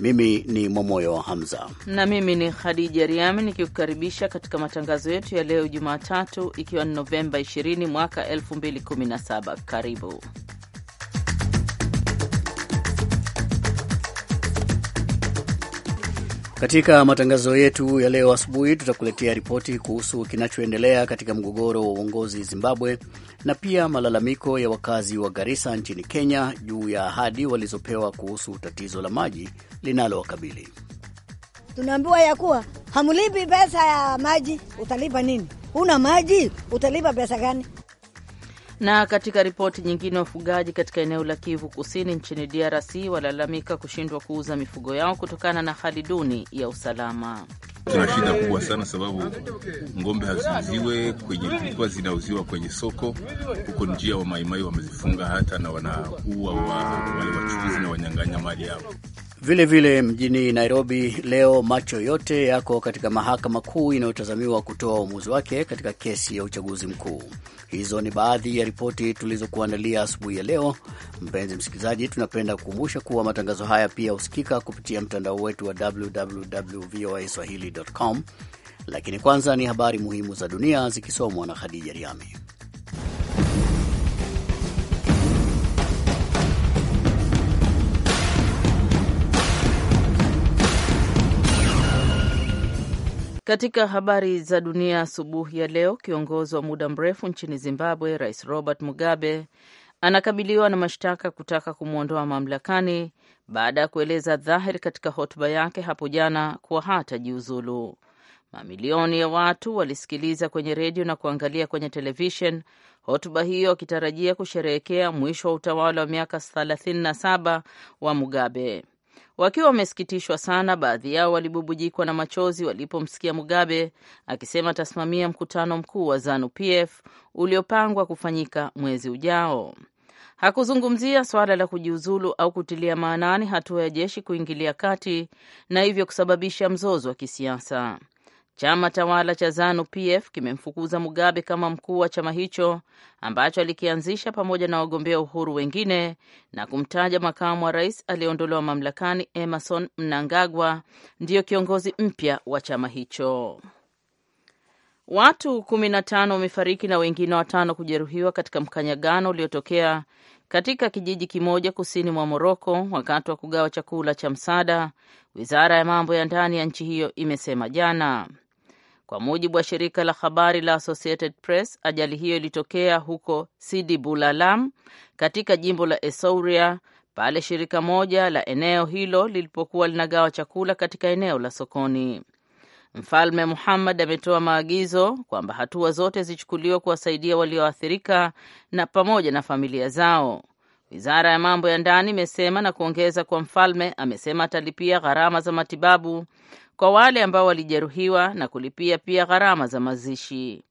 mimi ni Momoyo wa Hamza na mimi ni Khadija Riami nikikukaribisha katika matangazo yetu ya leo Jumatatu, ikiwa ni Novemba 20 mwaka 2017. Karibu Katika matangazo yetu ya leo asubuhi, tutakuletea ripoti kuhusu kinachoendelea katika mgogoro wa uongozi Zimbabwe, na pia malalamiko ya wakazi wa Garissa nchini Kenya juu ya ahadi walizopewa kuhusu tatizo la maji linalowakabili. Tunaambiwa ya kuwa hamlipi pesa ya maji. Utalipa nini? Una maji, utalipa pesa gani? Na katika ripoti nyingine, wafugaji katika eneo la Kivu Kusini nchini DRC walalamika kushindwa kuuza mifugo yao kutokana na hali duni ya usalama. Tuna shida kubwa sana sababu ng'ombe haziuziwe kwenye kulikuwa zinauziwa kwenye soko huko, njia wa maimai wamezifunga hata na wanaua wale wachuuzi na wanyang'anya mali yao. Vilevile mjini Nairobi leo macho yote yako katika mahakama kuu inayotazamiwa kutoa uamuzi wake katika kesi ya uchaguzi mkuu. Hizo ni baadhi ya ripoti tulizokuandalia asubuhi ya leo. Mpenzi msikilizaji, tunapenda kukumbusha kuwa matangazo haya pia husikika kupitia mtandao wetu wa www voa swahili.com. Lakini kwanza ni habari muhimu za dunia zikisomwa na Khadija Riami. Katika habari za dunia asubuhi ya leo, kiongozi wa muda mrefu nchini Zimbabwe Rais Robert Mugabe anakabiliwa na mashtaka kutaka kumwondoa mamlakani baada ya kueleza dhahiri katika hotuba yake hapo jana kuwa hatajiuzulu. Mamilioni ya watu walisikiliza kwenye redio na kuangalia kwenye televishen hotuba hiyo wakitarajia kusherehekea mwisho wa utawala wa miaka 37 wa Mugabe wakiwa wamesikitishwa sana. Baadhi yao walibubujikwa na machozi walipomsikia Mugabe akisema atasimamia mkutano mkuu wa ZANU-PF uliopangwa kufanyika mwezi ujao. Hakuzungumzia suala la kujiuzulu au kutilia maanani hatua ya jeshi kuingilia kati na hivyo kusababisha mzozo wa kisiasa. Chama tawala cha Zanu PF kimemfukuza Mugabe kama mkuu wa chama hicho ambacho alikianzisha pamoja na wagombea uhuru wengine na kumtaja makamu wa rais aliyeondolewa mamlakani Emerson Mnangagwa ndiyo kiongozi mpya wa chama hicho. Watu kumi na tano wamefariki na wengine watano kujeruhiwa katika mkanyagano uliotokea katika kijiji kimoja kusini mwa Moroko wakati wa kugawa chakula cha msaada, wizara ya mambo ya ndani ya nchi hiyo imesema jana. Kwa mujibu wa shirika la habari la Associated Press, ajali hiyo ilitokea huko Sidi Bulalam katika jimbo la esouria pale shirika moja la eneo hilo lilipokuwa linagawa chakula katika eneo la sokoni. Mfalme Muhammad ametoa maagizo kwamba hatua zote zichukuliwe kuwasaidia walioathirika na pamoja na familia zao. Wizara ya mambo ya ndani imesema na kuongeza kwa mfalme amesema atalipia gharama za matibabu kwa wale ambao walijeruhiwa na kulipia pia gharama za mazishi.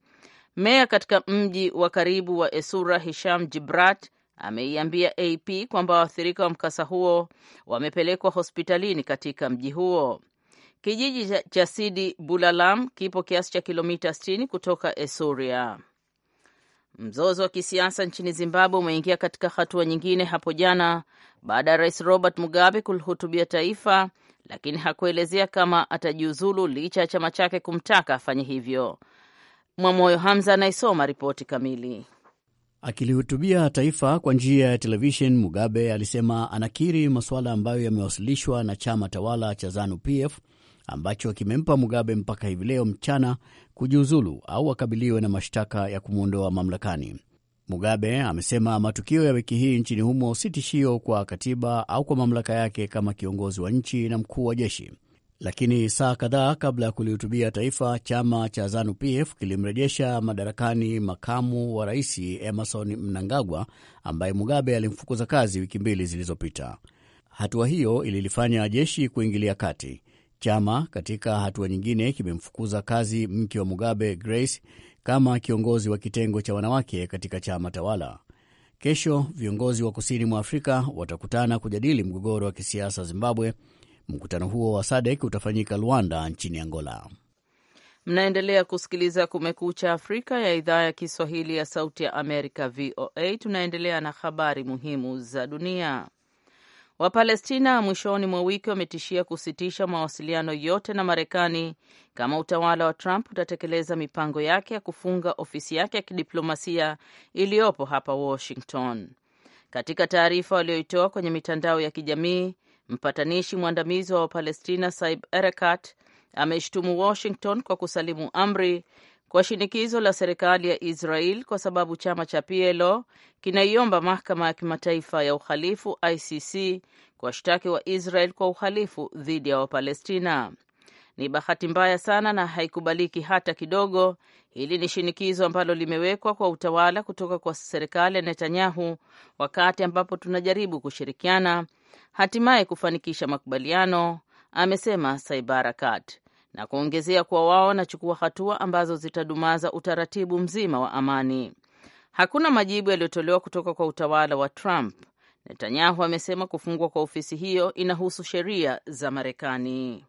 Meya katika mji wa karibu wa Esura, Hisham Jibrat, ameiambia AP kwamba waathirika wa mkasa huo wamepelekwa hospitalini katika mji huo. Kijiji cha Sidi Bulalam kipo kiasi cha kilomita 60 kutoka Esuria. Mzozo wa kisiasa nchini Zimbabwe umeingia katika hatua nyingine hapo jana baada ya Rais Robert Mugabe kulihutubia taifa lakini hakuelezea kama atajiuzulu licha ya chama chake kumtaka afanye hivyo. Mwamoyo Hamza anaisoma ripoti kamili. Akilihutubia taifa kwa njia ya televishen, Mugabe alisema anakiri masuala ambayo yamewasilishwa na chama tawala cha ZANU-PF ambacho kimempa Mugabe mpaka hivi leo mchana kujiuzulu au akabiliwe na mashtaka ya kumwondoa mamlakani. Mugabe amesema matukio ya wiki hii nchini humo si tishio kwa katiba au kwa mamlaka yake kama kiongozi wa nchi na mkuu wa jeshi. Lakini saa kadhaa kabla ya kulihutubia taifa, chama cha ZANU-PF kilimrejesha madarakani makamu wa rais Emerson Mnangagwa ambaye Mugabe alimfukuza kazi wiki mbili zilizopita. Hatua hiyo ililifanya jeshi kuingilia kati. Chama katika hatua nyingine kimemfukuza kazi mke wa Mugabe, Grace kama kiongozi wa kitengo cha wanawake katika chama tawala. Kesho viongozi wa kusini mwa Afrika watakutana kujadili mgogoro wa kisiasa Zimbabwe. Mkutano huo wa sadek utafanyika Luanda nchini Angola. Mnaendelea kusikiliza Kumekucha Afrika ya idhaa ya Kiswahili ya Sauti ya Amerika, VOA. Tunaendelea na habari muhimu za dunia. Wapalestina mwishoni mwa wiki wametishia kusitisha mawasiliano yote na Marekani kama utawala wa Trump utatekeleza mipango yake ya kufunga ofisi yake ya kidiplomasia iliyopo hapa Washington. Katika taarifa walioitoa kwenye mitandao ya kijamii, mpatanishi mwandamizi wa Wapalestina Saib Erekat ameshtumu Washington kwa kusalimu amri kwa shinikizo la serikali ya Israel kwa sababu chama cha PLO kinaiomba mahakama ya kimataifa ya uhalifu ICC kuwashtaki wa Israel kwa uhalifu dhidi ya Wapalestina. Ni bahati mbaya sana na haikubaliki hata kidogo. Hili ni shinikizo ambalo limewekwa kwa utawala kutoka kwa serikali ya Netanyahu, wakati ambapo tunajaribu kushirikiana hatimaye kufanikisha makubaliano, amesema Saibarakat na kuongezea kuwa wao wanachukua hatua ambazo zitadumaza utaratibu mzima wa amani. Hakuna majibu yaliyotolewa kutoka kwa utawala wa Trump. Netanyahu amesema kufungwa kwa ofisi hiyo inahusu sheria za Marekani.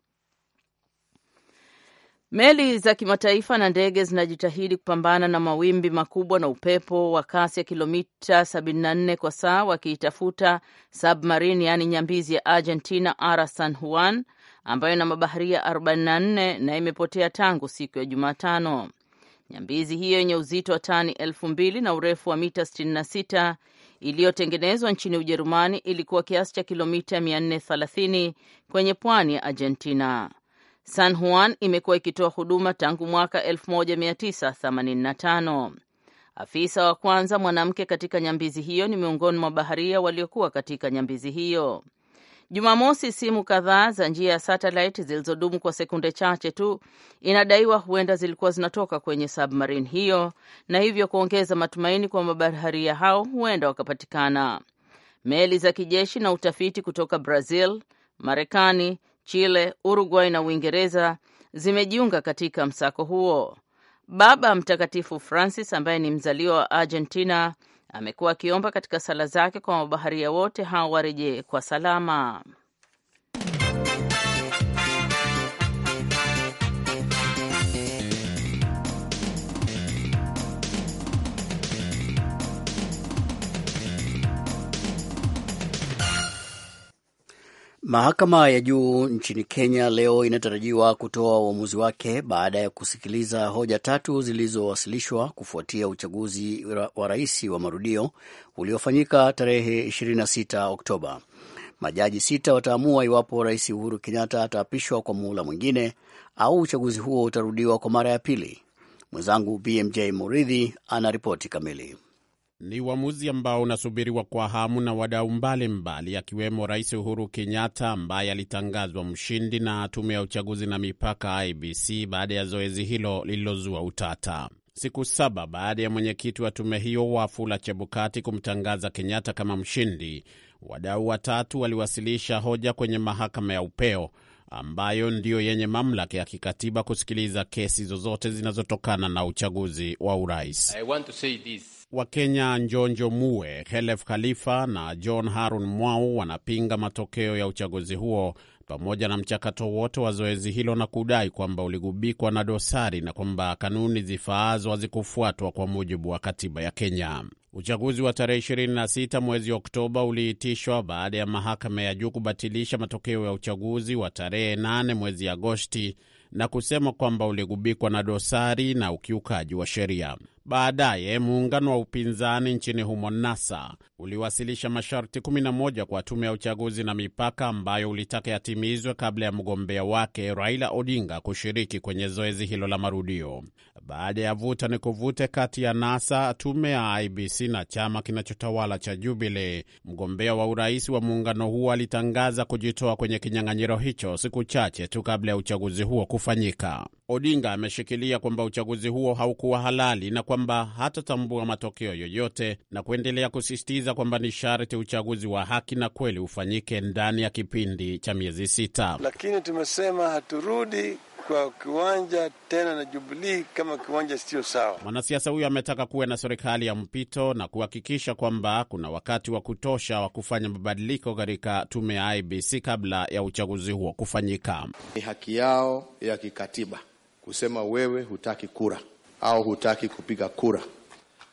Meli za kimataifa na ndege zinajitahidi kupambana na mawimbi makubwa na upepo wa kasi ya kilomita 74 kwa saa, wakiitafuta submarin yaani nyambizi ya Argentina Ara San Juan ambayo ina mabaharia 44 na imepotea tangu siku ya Jumatano. Nyambizi hiyo yenye uzito wa tani elfu mbili na urefu wa mita 66 iliyotengenezwa nchini Ujerumani ilikuwa kiasi cha kilomita 430 kwenye pwani ya Argentina. San Juan imekuwa ikitoa huduma tangu mwaka 1985. Afisa wa kwanza mwanamke katika nyambizi hiyo ni miongoni mwa baharia waliokuwa katika nyambizi hiyo. Jumamosi, simu kadhaa za njia ya satelit zilizodumu kwa sekunde chache tu inadaiwa huenda zilikuwa zinatoka kwenye submarine hiyo, na hivyo kuongeza matumaini kwa mabaharia hao huenda wakapatikana. Meli za kijeshi na utafiti kutoka Brazil, Marekani, Chile, Uruguay na Uingereza zimejiunga katika msako huo. Baba Mtakatifu Francis ambaye ni mzaliwa wa Argentina amekuwa akiomba katika sala zake kwa mabaharia wote hao warejee kwa salama. Mahakama ya juu nchini Kenya leo inatarajiwa kutoa uamuzi wake baada ya kusikiliza hoja tatu zilizowasilishwa kufuatia uchaguzi wa rais wa marudio uliofanyika tarehe 26 Oktoba. Majaji sita wataamua iwapo Rais Uhuru Kenyatta ataapishwa kwa muhula mwingine au uchaguzi huo utarudiwa kwa mara ya pili. Mwenzangu BMJ Muridhi ana ripoti kamili. Ni uamuzi ambao unasubiriwa kwa hamu na wadau mbalimbali, akiwemo Rais Uhuru Kenyatta ambaye alitangazwa mshindi na tume ya uchaguzi na mipaka IBC baada ya zoezi hilo lililozua utata. Siku saba baada ya mwenyekiti wa tume hiyo Wafula Chebukati kumtangaza Kenyatta kama mshindi, wadau watatu waliwasilisha hoja kwenye mahakama ya upeo ambayo ndiyo yenye mamlaka ya kikatiba kusikiliza kesi zozote zinazotokana na uchaguzi wa urais. I want to say this. Wakenya Njonjo Mue, helef Khalifa na John Harun Mwau wanapinga matokeo ya uchaguzi huo pamoja na mchakato wote wa zoezi hilo na kudai kwamba uligubikwa na dosari na kwamba kanuni zifaazo hazikufuatwa kwa mujibu wa katiba ya Kenya. Uchaguzi wa tarehe 26 mwezi Oktoba uliitishwa baada ya mahakama ya juu kubatilisha matokeo ya uchaguzi wa tarehe 8 mwezi Agosti na kusema kwamba uligubikwa na dosari na ukiukaji wa sheria. Baadaye muungano wa upinzani nchini humo NASA uliwasilisha masharti 11 kwa tume ya uchaguzi na mipaka ambayo ulitaka yatimizwe kabla ya mgombea wake Raila Odinga kushiriki kwenye zoezi hilo la marudio baada ya vuta ni kuvute kati ya NASA, tume ya IBC na chama kinachotawala cha Jubile. Mgombea wa urais wa muungano huo alitangaza kujitoa kwenye kinyang'anyiro hicho siku chache tu kabla ya uchaguzi huo kufanyika. Odinga ameshikilia kwamba uchaguzi huo haukuwa halali na kwamba hatatambua matokeo yoyote na kuendelea kusisitiza kwamba ni sharti uchaguzi wa haki na kweli ufanyike ndani ya kipindi cha miezi sita. Lakini tumesema haturudi kwa kiwanja tena na Jubilii kama kiwanja sio sawa. Mwanasiasa huyo ametaka kuwe na serikali ya mpito na kuhakikisha kwamba kuna wakati wa kutosha wa kufanya mabadiliko katika tume ya IBC kabla ya uchaguzi huo kufanyika. Ni haki yao ya kikatiba kusema wewe hutaki kura au hutaki kupiga kura.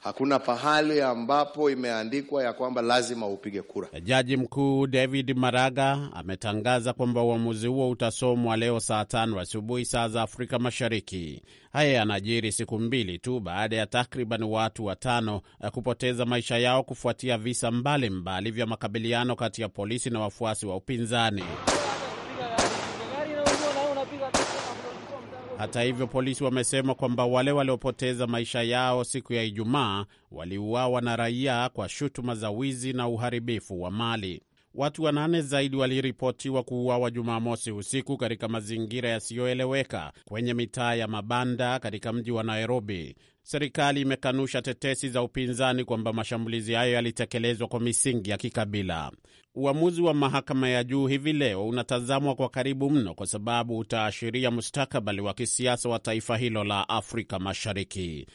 Hakuna pahali ambapo imeandikwa ya kwamba lazima upige kura. Jaji mkuu David Maraga ametangaza kwamba uamuzi huo utasomwa leo saa tano asubuhi saa za Afrika Mashariki. Haya yanajiri siku mbili tu baada ya takriban watu watano eh, kupoteza maisha yao kufuatia visa mbalimbali mbali vya makabiliano kati ya polisi na wafuasi wa upinzani. Hata hivyo, polisi wamesema kwamba wale waliopoteza maisha yao siku ya Ijumaa waliuawa na raia kwa shutuma za wizi na uharibifu wa mali. Watu wanane zaidi waliripotiwa kuuawa Jumamosi usiku katika mazingira yasiyoeleweka kwenye mitaa ya mabanda katika mji wa Nairobi. Serikali imekanusha tetesi za upinzani kwamba mashambulizi hayo yalitekelezwa kwa misingi ya kikabila. Uamuzi wa mahakama ya juu hivi leo unatazamwa kwa karibu mno kwa sababu utaashiria mustakabali wa kisiasa wa taifa hilo la Afrika Mashariki.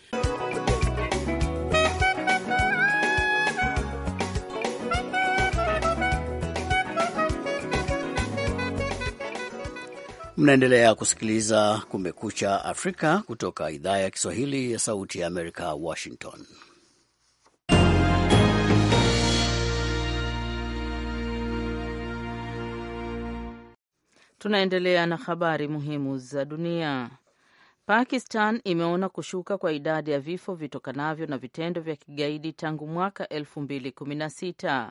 Mnaendelea kusikiliza Kumekucha Afrika kutoka idhaa ya Kiswahili ya Sauti ya Amerika, Washington. Tunaendelea na habari muhimu za dunia. Pakistan imeona kushuka kwa idadi ya vifo vitokanavyo na vitendo vya kigaidi tangu mwaka 2016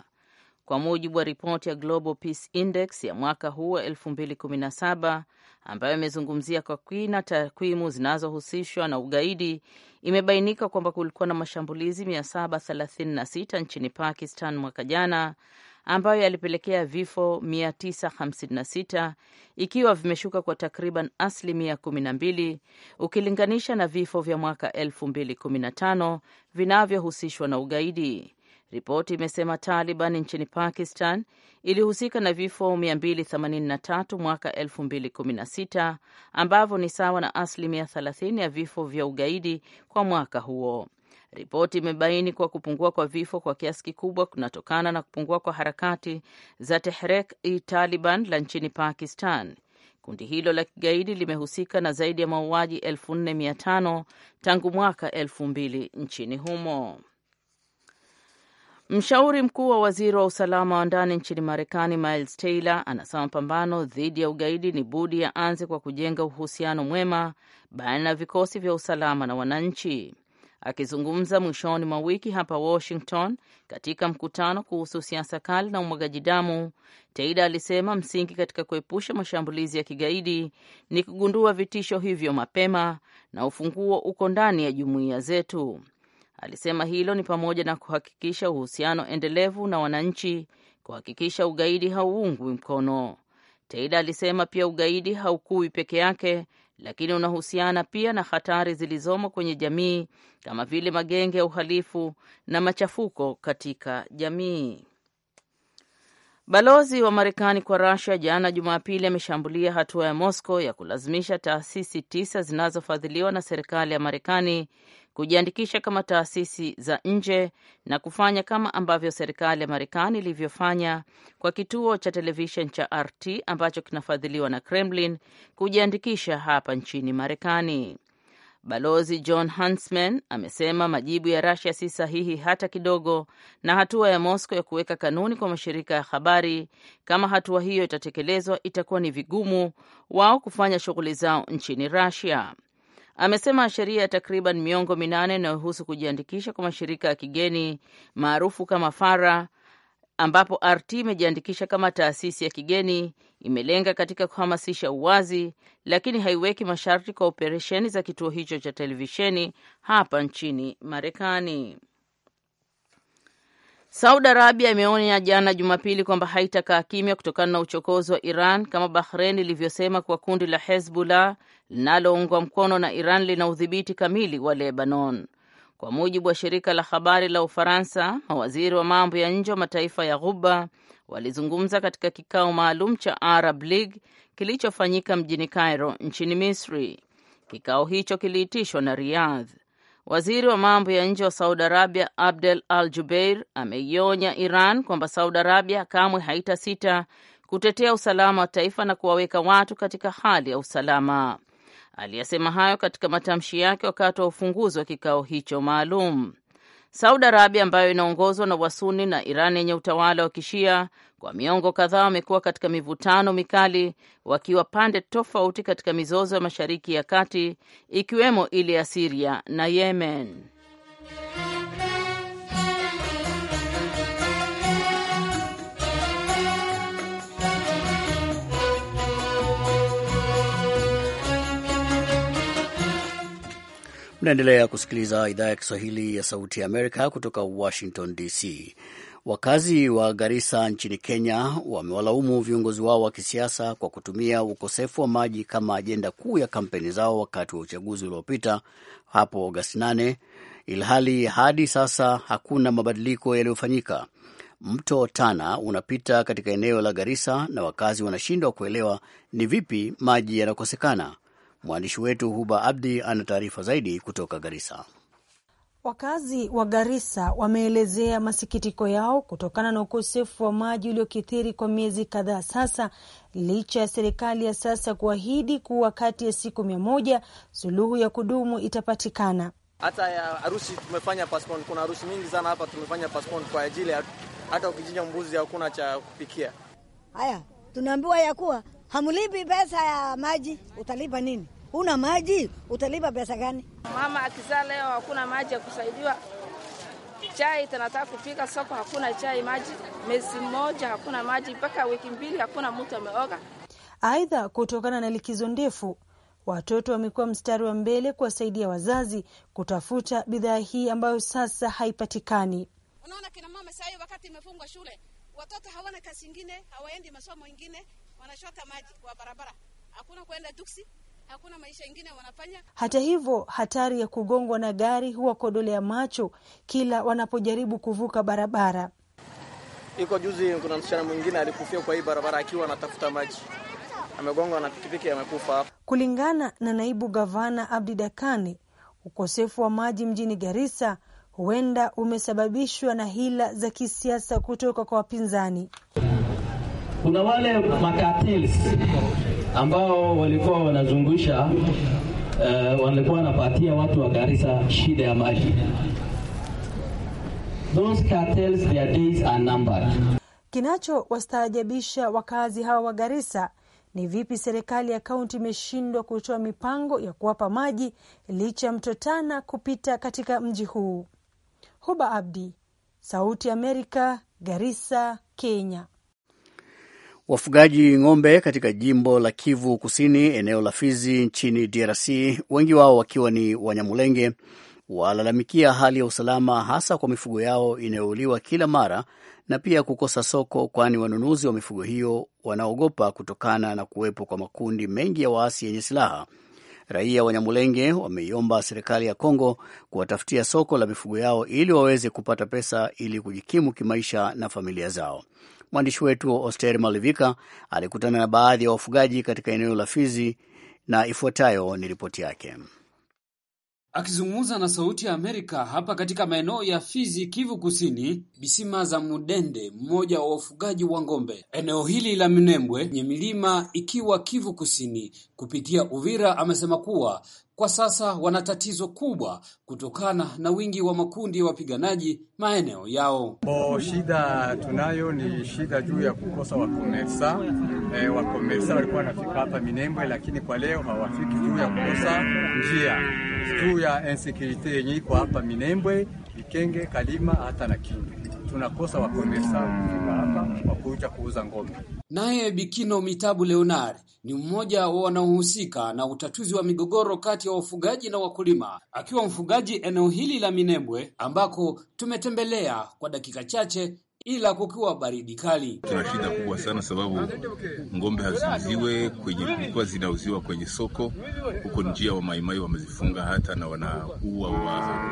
kwa mujibu wa ripoti ya Global Peace Index ya mwaka huu wa 2017 ambayo imezungumzia kwa kina takwimu zinazohusishwa na ugaidi, imebainika kwamba kulikuwa na mashambulizi 736 nchini Pakistan mwaka jana ambayo yalipelekea vifo 956 ikiwa vimeshuka kwa takriban asilimia 12 ukilinganisha na vifo vya mwaka 2015 vinavyohusishwa na ugaidi. Ripoti imesema Taliban nchini Pakistan ilihusika na vifo 283 mwaka 2016 ambavyo ni sawa na asilimia 30 ya vifo vya ugaidi kwa mwaka huo. Ripoti imebaini kuwa kupungua kwa vifo kwa kiasi kikubwa kunatokana na kupungua kwa harakati za Tehrek i taliban la nchini Pakistan. Kundi hilo la kigaidi limehusika na zaidi ya mauaji 4500 tangu mwaka 2000 nchini humo. Mshauri mkuu wa waziri wa usalama wa ndani nchini Marekani, Miles Taylor, anasema pambano dhidi ya ugaidi ni budi yaanze kwa kujenga uhusiano mwema baina ya vikosi vya usalama na wananchi. Akizungumza mwishoni mwa wiki hapa Washington katika mkutano kuhusu siasa kali na umwagaji damu, Taylor alisema msingi katika kuepusha mashambulizi ya kigaidi ni kugundua vitisho hivyo mapema, na ufunguo uko ndani ya jumuiya zetu. Alisema hilo ni pamoja na kuhakikisha uhusiano endelevu na wananchi, kuhakikisha ugaidi hauungwi mkono. Taylor alisema pia ugaidi haukui peke yake, lakini unahusiana pia na hatari zilizomo kwenye jamii kama vile magenge ya uhalifu na machafuko katika jamii. Balozi wa Marekani kwa rusia jana Jumapili ameshambulia hatua ya Moscow ya kulazimisha taasisi tisa zinazofadhiliwa na serikali ya Marekani kujiandikisha kama taasisi za nje na kufanya kama ambavyo serikali ya Marekani ilivyofanya kwa kituo cha televishen cha RT ambacho kinafadhiliwa na Kremlin kujiandikisha hapa nchini Marekani. Balozi John Huntsman amesema majibu ya rasia si sahihi hata kidogo, na hatua ya mosco ya kuweka kanuni kwa mashirika ya habari, kama hatua hiyo itatekelezwa, itakuwa ni vigumu wao kufanya shughuli zao nchini Rasia. Amesema sheria ya takriban miongo minane inayohusu kujiandikisha kwa mashirika ya kigeni maarufu kama FARA ambapo RT imejiandikisha kama taasisi ya kigeni imelenga katika kuhamasisha uwazi, lakini haiweki masharti kwa operesheni za kituo hicho cha televisheni hapa nchini Marekani. Saudi Arabia imeonya jana Jumapili kwamba haitakaa kimya kutokana na uchokozi wa Iran kama Bahrein ilivyosema kwa kundi la Hezbollah linaloungwa mkono na Iran lina udhibiti kamili wa Lebanon. Kwa mujibu wa shirika la habari la Ufaransa, mawaziri wa mambo ya nje wa mataifa ya Ghuba walizungumza katika kikao maalum cha Arab League kilichofanyika mjini Cairo nchini Misri. Kikao hicho kiliitishwa na Riyadh. Waziri wa mambo ya nje wa Saudi Arabia Abdel Al Jubeir ameionya Iran kwamba Saudi Arabia kamwe haitasita kutetea usalama wa taifa na kuwaweka watu katika hali ya usalama aliyesema hayo katika matamshi yake wakati wa ufunguzi wa kikao hicho maalum. Saudi Arabia ambayo inaongozwa na Wasuni na Iran yenye utawala wa Kishia kwa miongo kadhaa wamekuwa katika mivutano mikali wakiwa pande tofauti katika mizozo ya Mashariki ya Kati ikiwemo ile ya Siria na Yemen. Mnaendelea kusikiliza idhaa ya Kiswahili ya Sauti ya Amerika kutoka Washington DC. Wakazi wa Garissa nchini Kenya wamewalaumu viongozi wao wa kisiasa kwa kutumia ukosefu wa maji kama ajenda kuu ya kampeni zao wakati wa uchaguzi uliopita hapo Agosti 8, ilhali hadi sasa hakuna mabadiliko yaliyofanyika. Mto Tana unapita katika eneo la Garissa na wakazi wanashindwa kuelewa ni vipi maji yanakosekana. Mwandishi wetu Huba Abdi ana taarifa zaidi kutoka garisa Wakazi wa Garisa wameelezea masikitiko yao kutokana na ukosefu wa maji uliokithiri kwa miezi kadhaa sasa, licha ya serikali ya sasa kuahidi kuwa kati ya siku mia moja suluhu ya kudumu itapatikana. Hata ya harusi tumefanya postpone. Kuna harusi mingi sana hapa tumefanya postpone kwa ajili ya hata ukichinja mbuzi hakuna cha kupikia. Haya, tunaambiwa ya kuwa hamlipi pesa ya maji, utalipa nini? Una maji utalipa pesa gani? Mama akizaa leo hakuna maji ya kusaidiwa, chai tunataka kupika soko, hakuna chai, maji mwezi mmoja hakuna maji, mpaka wiki mbili hakuna mtu ameoga. Aidha, kutokana na likizo ndefu, watoto wamekuwa mstari wa mbele kuwasaidia wazazi kutafuta bidhaa hii ambayo sasa haipatikani. Unaona kina mama saa hii wakati imefungwa shule, watoto hawana kazi ingine, hawaendi masomo ingine, wanashota maji kwa barabara, hakuna kuenda duksi hakuna maisha ingine wanafanya. Hata hivyo, hatari ya kugongwa na gari huwakodolea macho kila wanapojaribu kuvuka barabara. Iko juzi, kuna msichana mwingine alikufia kwa hii barabara akiwa anatafuta maji, amegongwa na pikipiki, amekufa. Kulingana na naibu gavana Abdi Dakani, ukosefu wa maji mjini Garissa huenda umesababishwa na hila za kisiasa kutoka kwa wapinzani. Kuna wale makatili ambao walikuwa wanazungusha uh, walikuwa wanapatia watu wa Garissa shida ya maji. Those cartels their days are numbered. wastaajabisha wakazi hawa wa Garissa ni vipi serikali ya kaunti imeshindwa kutoa mipango ya kuwapa maji licha ya mto Tana kupita katika mji huu. Huba Abdi, Sauti ya Amerika, Garissa, Kenya. Wafugaji ng'ombe katika jimbo la Kivu Kusini, eneo la Fizi nchini DRC, wengi wao wakiwa ni Wanyamulenge, walalamikia hali ya usalama, hasa kwa mifugo yao inayouliwa kila mara na pia kukosa soko, kwani wanunuzi wa mifugo hiyo wanaogopa kutokana na kuwepo kwa makundi mengi ya waasi yenye silaha. Raia wanyamulenge wameiomba serikali ya Kongo kuwatafutia soko la mifugo yao ili waweze kupata pesa ili kujikimu kimaisha na familia zao. Mwandishi wetu Oster Malivika alikutana na baadhi ya wafugaji katika eneo la Fizi na ifuatayo ni ripoti yake. Akizungumza na Sauti ya Amerika hapa katika maeneo ya Fizi, Kivu Kusini, Bisima za Mudende, mmoja wa wafugaji wa ng'ombe eneo hili la Minembwe yenye milima ikiwa Kivu Kusini, kupitia Uvira, amesema kuwa kwa sasa wana tatizo kubwa kutokana na wingi wa makundi ya wa wapiganaji maeneo yao. Bo, shida tunayo ni shida juu ya kukosa wakomersa. E, wakomersa walikuwa wanafika hapa Minembwe, lakini kwa leo hawafiki juu ya kukosa njia juu ya insecurity yenye iko hapa Minembwe, Vikenge, Kalima hata na Kindu. Tunakosa wakomersa kufika hapa wakuja kuuza ngombe. Naye Bikino Mitabu Leonard ni mmoja wa wanaohusika na utatuzi wa migogoro kati ya wafugaji na wakulima, akiwa mfugaji eneo hili la Minembwe ambako tumetembelea kwa dakika chache ila kukiwa baridi kali, tuna shida kubwa sana sababu ng'ombe haziuziwe kwenye kulikuwa zinauziwa kwenye soko huko, njia wa maimai wamezifunga hata na wanaua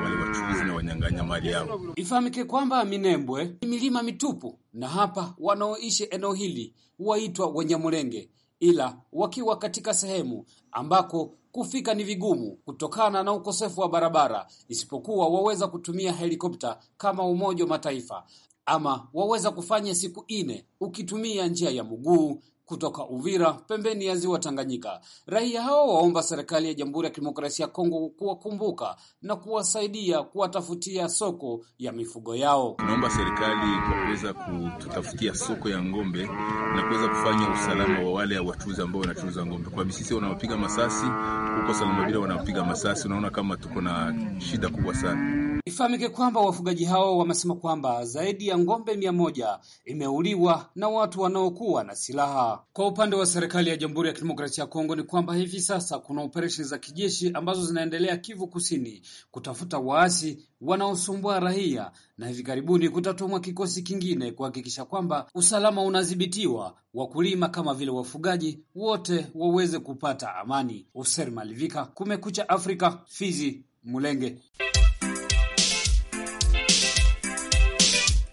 wale wachuuzi na wanyang'anya mali yao. Ifahamike kwamba Minembwe ni milima mitupu, na hapa wanaoishi eneo hili huwaitwa Wanyamulenge, ila wakiwa katika sehemu ambako kufika ni vigumu kutokana na ukosefu wa barabara, isipokuwa waweza kutumia helikopta kama Umoja wa Mataifa ama waweza kufanya siku ine ukitumia njia ya mguu kutoka Uvira pembeni ya ziwa Tanganyika. Raia hao waomba serikali ya Jamhuri ya Kidemokrasia ya Kongo kuwakumbuka na kuwasaidia kuwatafutia soko ya mifugo yao. Tunaomba serikali kwa kuweza kututafutia soko ya ng'ombe na kuweza kufanya usalama wa wale wachuuzi ambao wanachuuza ng'ombe, kwa sisi wanaopiga masasi huko Salama bila wanaopiga masasi, unaona kama tuko na shida kubwa sana. Ifahamike kwamba wafugaji hao wamesema kwamba zaidi ya ng'ombe mia moja imeuliwa na watu wanaokuwa na silaha. Kwa upande wa serikali ya Jamhuri ya Kidemokrasia ya Kongo ni kwamba hivi sasa kuna operesheni za kijeshi ambazo zinaendelea Kivu Kusini kutafuta waasi wanaosumbua raia, na hivi karibuni kutatumwa kikosi kingine kuhakikisha kwamba usalama unadhibitiwa, wakulima kama vile wafugaji wote waweze kupata amani. Oser Malivika, Kumekucha Afrika, Fizi, Mulenge.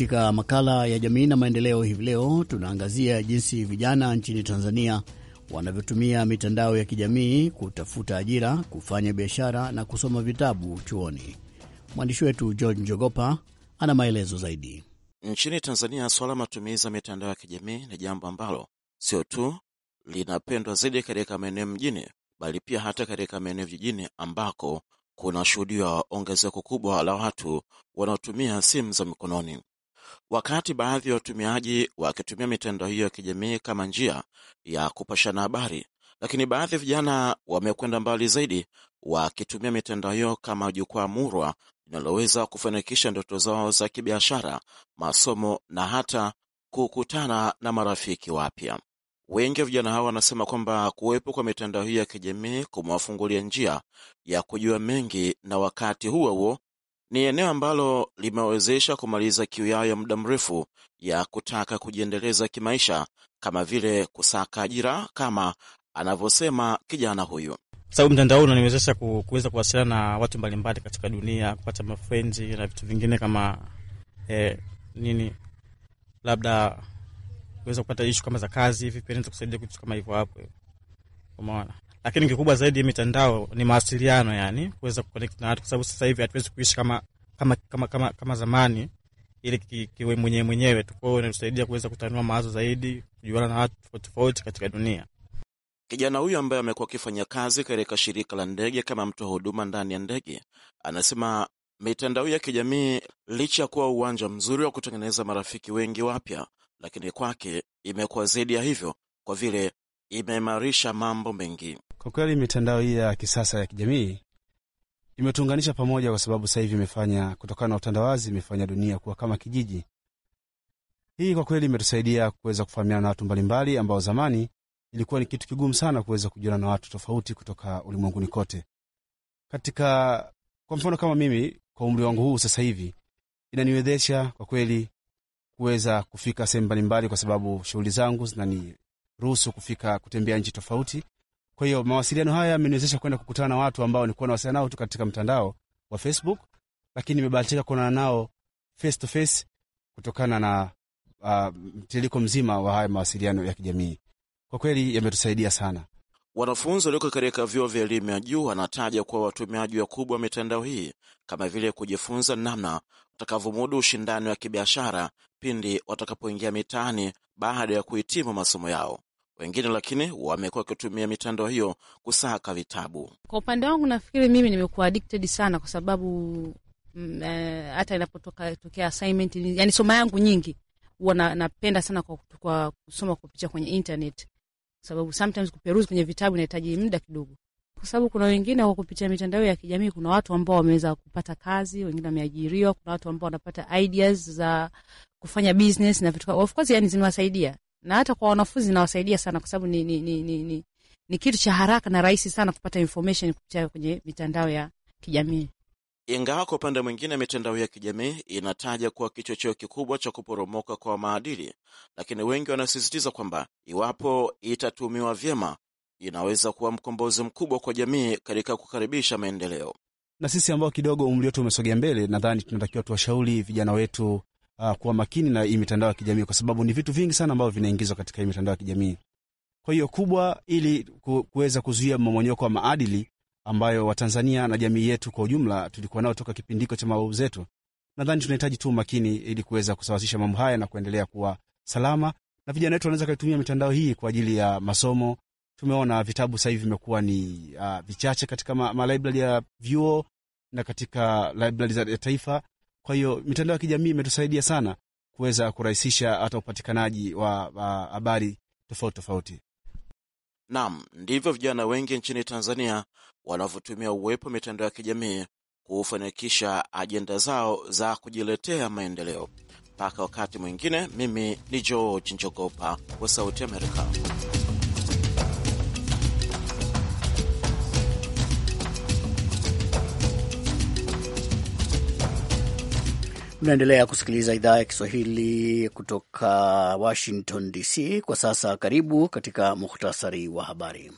Katika makala ya jamii na maendeleo hivi leo, tunaangazia jinsi vijana nchini Tanzania wanavyotumia mitandao ya kijamii kutafuta ajira, kufanya biashara na kusoma vitabu chuoni. Mwandishi wetu George Njogopa ana maelezo zaidi. Nchini Tanzania, swala matumizi ya mitandao ya kijamii ni jambo ambalo sio tu linapendwa zaidi katika maeneo mjini, bali pia hata katika maeneo vijijini ambako kuna shuhudiwa ongezeko kubwa la watu wanaotumia simu za mikononi wakati baadhi ya watumiaji wakitumia mitandao hiyo ya kijamii kama njia ya kupashana habari, lakini baadhi ya vijana wamekwenda mbali zaidi, wakitumia mitandao hiyo kama jukwaa murwa linaloweza kufanikisha ndoto zao za kibiashara, masomo na hata kukutana na marafiki wapya. Wengi wa vijana hawa wanasema kwamba kuwepo kwa mitandao hiyo ya kijamii kumewafungulia njia ya kujua mengi, na wakati huo huo ni eneo ambalo limewezesha kumaliza kiu yao ya muda mrefu ya kutaka kujiendeleza kimaisha kama vile kusaka ajira kama anavyosema kijana huyu. Sababu mtandao unaniwezesha kuweza kuwasiliana na watu mbalimbali katika dunia, kupata mafrenzi na vitu vingine kama eh, nini, labda kuweza kupata ishu kama za kazi hivi, naweza kusaidia kitu kama hivyo hapo, umeona lakini kikubwa zaidi mitandao ni mawasiliano, yani kuweza kuconnect na watu, kwa sababu sasa hivi hatuwezi kuishi kama, kama, kama, kama, kama zamani ili kiwe mwenyewe mwenyewe tu. Kwao inatusaidia kuweza kutanua mawazo zaidi, kujuana na watu tofauti tofauti katika dunia. Kijana huyu ambaye amekuwa akifanya kazi katika shirika la ndege kama wa huduma ndani ya ndege, anasema mitandao ya kijamii licha ya kuwa uwanja mzuri wa kutengeneza marafiki wengi wapya, lakini kwake imekuwa zaidi ya hivyo, kwa vile imeimarisha mambo mengi. Kwa kweli mitandao hii ya kisasa ya kijamii imetuunganisha pamoja, kwa sababu sasa hivi imefanya, kutokana na utandawazi, imefanya dunia kuwa kama kijiji. Hii kwa kweli imetusaidia kuweza kufahamiana na watu mbalimbali ambao zamani ilikuwa ni kitu kigumu sana kuweza kujiona na watu tofauti kutoka ulimwenguni kote. Katika kwa mfano kama mimi kwa umri wangu huu sasa hivi inaniwezesha kwa kweli kuweza kufika sehemu mbalimbali, kwa sababu shughuli zangu zinaniruhusu kufika kutembea nchi tofauti kwa hiyo mawasiliano haya yameniwezesha kwenda kukutana na watu ambao nilikuwa nawasiliana nao tu katika mtandao wa Facebook, lakini nimebahatika kuonana nao face to face kutokana na uh, mtiririko mzima wa haya mawasiliano ya kijamii. Kwa kweli yametusaidia sana. Wanafunzi walioko katika vyuo vya elimu ya juu wanataja kuwa watumiaji wakubwa wa mitandao hii kama vile kujifunza namna watakavyomudu ushindani wa kibiashara pindi watakapoingia mitaani baada ya kuhitimu masomo yao. Wengine lakini wamekuwa wakitumia mitandao hiyo kusaka vitabu. Kwa upande wangu, nafikiri mimi nimekuwa addicted sana, kwa sababu mm, eh, hata inapotoka tokea assignment, yani soma yangu nyingi huwa napenda sana kwa, kwa kusoma kupitia kwenye internet, kwa sababu sometimes kuperuzi kwenye vitabu inahitaji muda kidogo, kwa sababu kuna wengine wa kupitia mitandao ya kijamii, kuna watu ambao wameweza kupata kazi, wengine wameajiriwa, kuna watu ambao wanapata ideas za kufanya business na vitu of course, yani zimewasaidia na hata kwa wanafunzi nawasaidia sana, kwa sababu ni, ni, ni, ni, ni, ni kitu cha haraka na rahisi sana kupata information kupitia kwenye mitandao ya kijamii. Ingawa kwa upande mwingine mitandao ya kijamii inataja kuwa kichocheo kikubwa cha kuporomoka kwa maadili, lakini wengi wanasisitiza kwamba iwapo itatumiwa vyema, inaweza kuwa mkombozi mkubwa kwa jamii katika kukaribisha maendeleo. Na sisi ambao kidogo umri wetu umesogea mbele, nadhani tunatakiwa tuwashauri vijana wetu uh, kuwa makini na hii mitandao ya kijamii, kwa sababu ni vitu vingi sana ambavyo vinaingizwa katika hii mitandao ya kijamii. Kwa hiyo kubwa, ili kuweza kuzuia mmomonyoko wa maadili ambayo Watanzania na jamii yetu kwa ujumla tulikuwa nao toka kipindiko cha mababu zetu, nadhani tunahitaji tu makini ili kuweza kusawazisha mambo haya na kuendelea kuwa salama, na vijana wetu wanaweza kutumia mitandao hii kwa ajili ya masomo. Tumeona vitabu sasa hivi vimekuwa ni uh, vichache katika ma, ma library ya vyuo na katika library za taifa, kwa hiyo mitandao ya kijamii imetusaidia sana kuweza kurahisisha hata upatikanaji wa habari tofauti tofauti. Naam, ndivyo vijana wengi nchini Tanzania wanavyotumia uwepo wa mitandao ya kijamii kufanikisha ajenda zao za kujiletea maendeleo. Mpaka wakati mwingine, mimi ni George Njogopa wa Sauti Amerika. Unaendelea kusikiliza idhaa ya Kiswahili kutoka Washington DC. Kwa sasa, karibu katika muhtasari wa habari.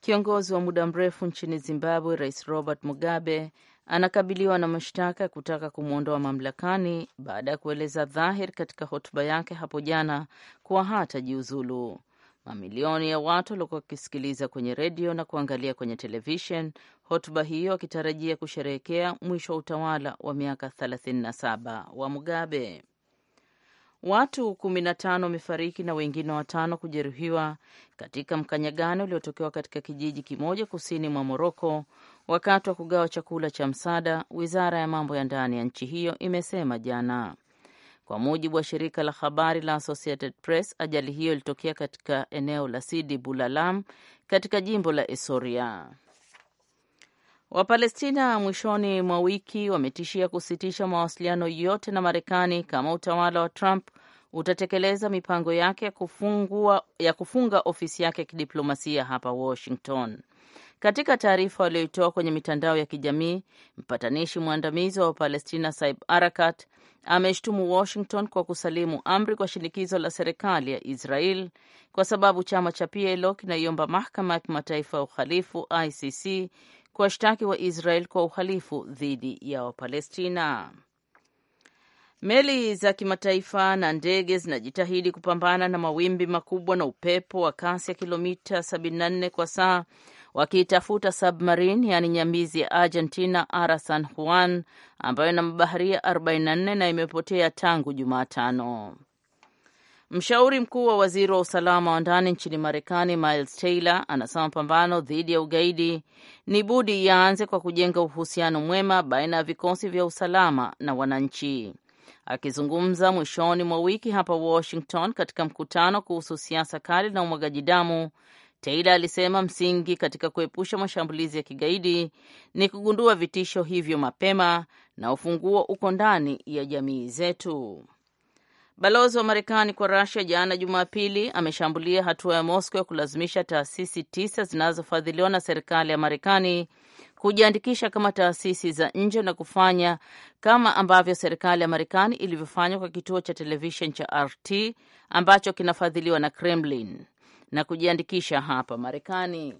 Kiongozi wa muda mrefu nchini Zimbabwe, Rais Robert Mugabe anakabiliwa na mashtaka ya kutaka kumwondoa mamlakani baada ya kueleza dhahiri katika hotuba yake hapo jana kuwa hatajiuzulu. Mamilioni ya watu walikuwa wakisikiliza kwenye redio na kuangalia kwenye televishen hotuba hiyo wakitarajia kusherehekea mwisho wa utawala wa miaka 37 wa Mugabe. Watu 15 wamefariki na wengine watano kujeruhiwa katika mkanyagano uliotokewa katika kijiji kimoja kusini mwa Moroko wakati wa kugawa chakula cha msaada, wizara ya mambo ya ndani ya nchi hiyo imesema jana. Kwa mujibu wa shirika la habari la Associated Press, ajali hiyo ilitokea katika eneo la Sidi Bulalam katika jimbo la Esoria. Wapalestina mwishoni mwa wiki wametishia kusitisha mawasiliano yote na Marekani kama utawala wa Trump utatekeleza mipango yake ya, kufungua, ya kufunga ofisi yake ya kidiplomasia hapa Washington. Katika taarifa walioitoa kwenye mitandao ya kijamii, mpatanishi mwandamizi wa Wapalestina Saib Arakat ameshtumu Washington kwa kusalimu amri kwa shinikizo la serikali ya Israel kwa sababu chama cha PLO kinaiomba mahakama ya kimataifa ya uhalifu ICC kuwashtaki wa Israel kwa uhalifu dhidi ya Wapalestina. Meli za kimataifa na ndege zinajitahidi kupambana na mawimbi makubwa na upepo wa kasi ya kilomita 74 kwa saa wakiitafuta submarine yani nyambizi ya Argentina Ara San Juan ambayo ina mabaharia 44 na imepotea tangu Jumatano. Mshauri mkuu wa waziri wa usalama wa ndani nchini Marekani, Miles Taylor, anasema pambano dhidi ya ugaidi ni budi yaanze kwa kujenga uhusiano mwema baina ya vikosi vya usalama na wananchi. Akizungumza mwishoni mwa wiki hapa Washington katika mkutano kuhusu siasa kali na umwagaji damu Taylor alisema msingi katika kuepusha mashambulizi ya kigaidi ni kugundua vitisho hivyo mapema na ufunguo uko ndani ya jamii zetu. Balozi wa Marekani kwa Russia jana Jumapili ameshambulia hatua ya Moscow ya kulazimisha taasisi tisa zinazofadhiliwa na serikali ya Marekani kujiandikisha kama taasisi za nje na kufanya kama ambavyo serikali ya Marekani ilivyofanya kwa kituo cha televishen cha RT ambacho kinafadhiliwa na Kremlin na kujiandikisha hapa Marekani.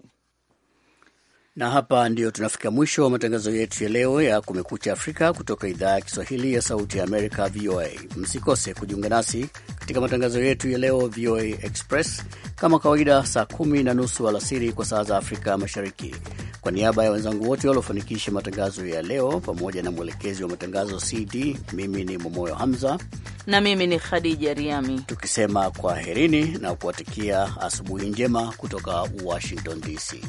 Na hapa ndiyo tunafika mwisho wa matangazo yetu ya leo ya Kumekucha Afrika kutoka idhaa ya Kiswahili ya Sauti ya Amerika, VOA. Msikose kujiunga nasi katika matangazo yetu ya leo, VOA Express, kama kawaida, saa kumi na nusu alasiri kwa saa za Afrika Mashariki. Kwa niaba ya wenzangu wote waliofanikisha matangazo ya leo pamoja na mwelekezi wa matangazo CD, mimi ni Momoyo Hamza na mimi ni Khadija Riami, tukisema kwaherini na kuwatakia asubuhi njema kutoka Washington DC.